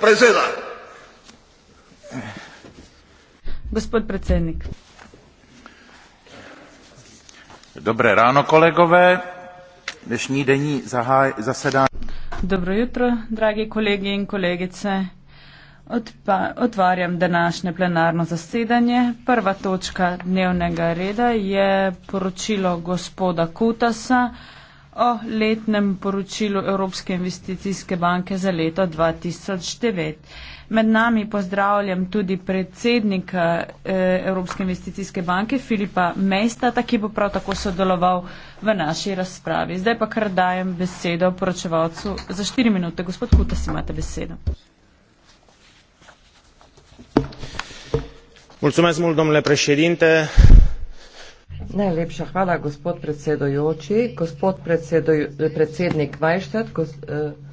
Preseda. Gospod predsednik. Dobré ráno, kolegové. Dnešní denní zasedání. Dobro jutro, dragi kolegi in kolegice. Odpa, otvarjam današnje plenarno zasedanje. Prva točka dnevnega reda je poročilo gospoda Kutasa o letnem poročilu Evropske investicijske banke za leto 2009. Med nami pozdravljam tudi predsednika eh, Evropske investicijske banke Filipa Mejstata, ki bo prav tako sodeloval v naši razpravi. Zdaj pa kar dajem besedo poročevalcu za 4 minute. Gospod Huta, si imate besedo. Mulțumesc mult, domnule președinte. Najlepša hvala, gospod predsedojoči, gospod predsedoj, predsednik Vajštad. Gos, eh,